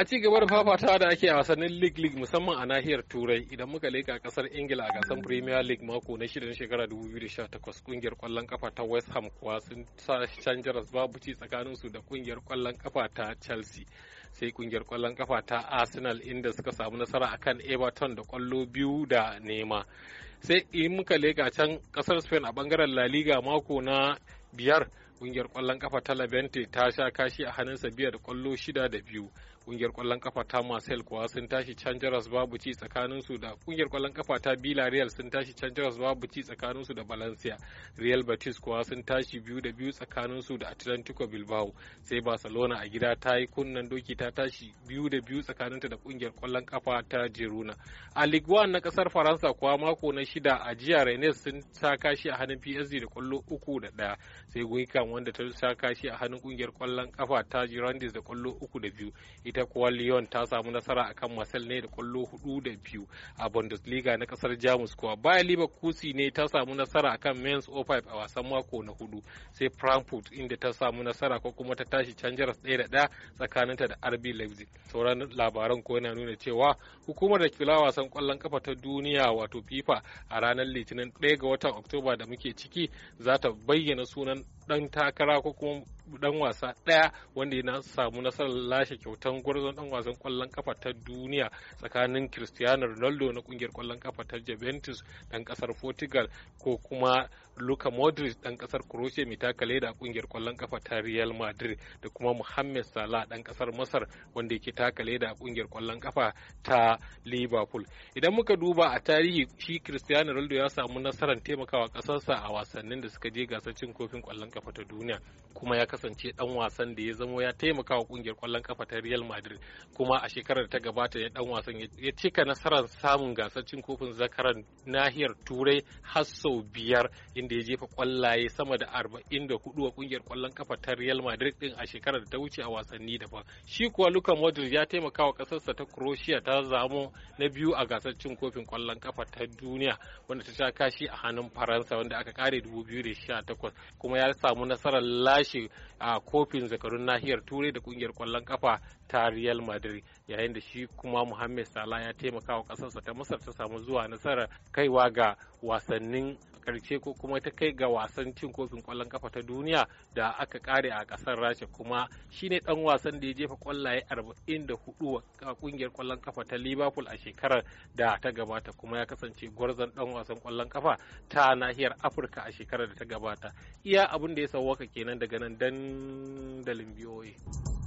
a ci gaba da fafatawa da ake a wasannin league league musamman a nahiyar turai idan muka leka kasar ingila a gasar premier league mako na shirin shekara 2018 kungiyar kwallon kafa ta west ham kuwa sun sa canjaras babu ci tsakanin su da kungiyar kwallon kafa ta chelsea sai kungiyar kwallon kafa ta arsenal inda suka samu nasara a kan everton da kwallo biyu da nema sai in muka leka can kasar spain a bangaren la liga mako na biyar kungiyar kwallon kafa ta labente ta sha kashi a hannunsa da kwallo shida da biyu. kungiyar kwallon kafa ta Marcel kuwa sun tashi can babu ci tsakaninsu da kungiyar kwallon kafa ta real sun tashi can babu ci tsakaninsu da Valencia. Real Betis kuwa sun tashi biyu da biyu tsakaninsu da Atlantico Bilbao. Sai Barcelona a gida ta yi kunnen doki ta tashi biyu da biyu tsakaninta da kungiyar kwallon kafa ta Girona. A Ligue 1 na kasar Faransa kuwa mako na shida a jiya Rennes sun sa kashi a hannun PSG da kwallo uku da ɗaya. Sai Guingamp wanda ta saka kashi a hannun kungiyar kwallon kafa ta Girondins da kwallo uku da biyu ita kuwa Lyon ta samu nasara akan Marseille ne da kwallo hudu da biyu a Bundesliga na kasar Jamus kuwa Bayer Leverkusen ne ta samu nasara akan Mainz 05 a wasan mako na hudu sai Frankfurt inda ta samu nasara ko kuma ta tashi can jaras ɗaya da ɗaya tsakaninta da RB Leipzig sauran labaran ko yana nuna cewa hukumar da kula wasan kwallon kafa ta duniya wato FIFA a ranar Litinin 1 ga watan Oktoba da muke ciki za ta bayyana sunan ɗan takara ko kuma dan wasa ɗaya wanda ya samu nasarar lashe kyautan gwarzon dan wasan kwallon kafa ta duniya tsakanin Cristiano Ronaldo na kungiyar kwallon kafa ta Juventus dan kasar Portugal ko kuma Luka Modric dan kasar Croatia mai takale da kungiyar kwallon kafa ta Real Madrid da kuma Mohamed Salah dan kasar Masar wanda yake takale da kungiyar kwallon kafa ta Liverpool idan muka duba a tarihi shi Cristiano Ronaldo ya samu nasarar taimakawa kasarsa a wasannin da suka je gasar cin kofin kwallon kafa ta duniya kuma ya kasance dan wasan da ya zamo ya taimaka wa kungiyar kwallon kafa ta Real Madrid kuma a shekarar da ta gabata ya dan wasan ya cika nasarar samun gasar cin kofin zakaran nahiyar Turai har sau biyar inda ya jefa kwallaye sama da arba'in 44 wa kungiyar kwallon kafa ta Real Madrid din a shekarar da ta wuce a wasanni daban shi kuwa Luka Modric ya taimaka wa kasarsa ta Croatia ta zamo na biyu a gasar cin kofin kwallon kafa ta duniya wanda ta sha kashi a hannun Faransa wanda aka kare 2018 kuma ya samu nasarar lashe a kofin zakarun nahiyar turai da kungiyar kwallon kafa ta real madrid yayin da shi kuma muhammed salah ya taimaka wa kasarsa ta masar ta samu zuwa nasarar kaiwa ga wasannin karshe ko kuma ta kai ga wasan cin kofin kwallon kafa ta duniya da aka kare a kasar rasha kuma shine dan wasan da ya jefa kwallaye 44 a kungiyar kwallon kafa ta liverpool a shekarar da ta gabata kuma ya kasance gwarzon dan wasan kwallon kafa ta nahiyar afirka a shekarar da ta gabata iya abin da ya sauwaka kenan daga nan dandalin biyoyi.